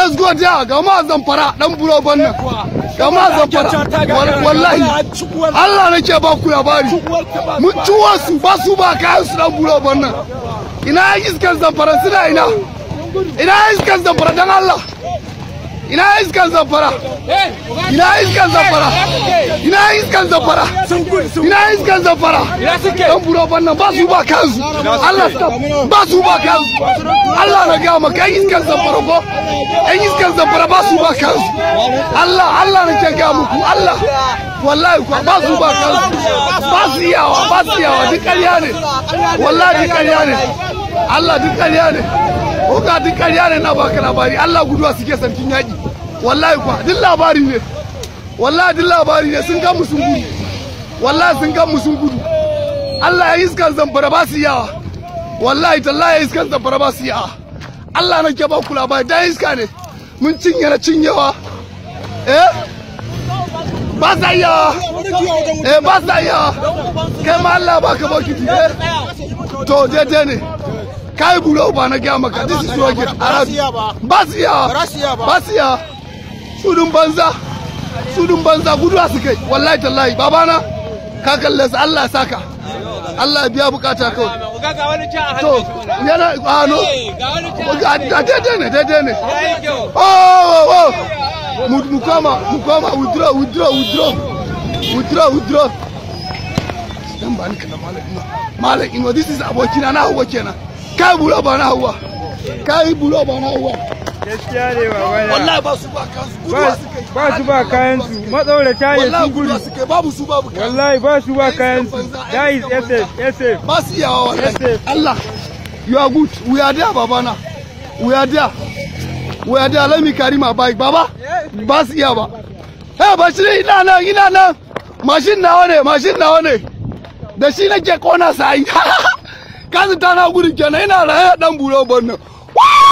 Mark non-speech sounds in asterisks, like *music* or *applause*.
let's go there Gama zampara. zamfara dan buro bannan ga ma zamfara wallahi Allah ne nake ba ku labari mun ciwon su ba su ba kayan su dan buro bannan ina iskar zamfara suna ina ina iskar zamfara dan Allah ina iskan zamfara ina iskan zamfara ina iskan zamfara ina iskan zamfara dan buro bannan ba su ba kansu Allah ta ba su ba kansu Allah na ga maka iskan zamfara ko ɗan iskan zamfara ba su ba kansu Allah Allah na ke ga muku Allah wallahi kuwa ba su ba kansu ba su iyawa ba su iyawa duk ƙarya ne wallahi duk ƙarya ne Allah duk ƙarya ne ko duk ƙarya ne na baka labari Allah guduwa suke sarkin yaƙi wallahi kuwa duk labari ne wallahi duk labari ne sun gamu sun gudu wallahi sun gamu sun gudu Allah ya iskan zamfara ba su yawa wallahi tallahi ya iskan zamfara ba su yawa Allah na ke ba ku labari da iska ne mun cinye na cinyewa eh ba sa yawa eh ba sa yawa kai ma Allah ba ka ki eh to je ne kai bulo ba na gaya maka this is rocket arab ba ba yawa ba siya. sudun banza sudun banza guduwa su kai wallahi tallahi babana ka kalle su Allah saka Allah biya bukata kawai ga wani ci a to yana ah, eh, a ah, no a daidai ne daidai ne oh oh, oh. mu kama mu kama withdraw withdraw withdraw withdraw withdraw dan ba ni kana malam ina malam ina this is abokina na hawa kenan kai buro ba na hawa kai buro ba na hawa gaskiya ne baba na wallahi ba su ba kansu suke ba su ba kayan su matsaurata ne su gudu suke babu su babu kayan wallahi ba su ba kayan su ss ss ba su iyawa wallahi Allah you are good we are there baba na we are there we are there let me carry my bike baba ba su iya ba eh ba shi ina nan ina nan mashin na wane mashin na wane da shi nake kona sai *laughs* kazi ta na gudu kenan ina raye dan buro bannan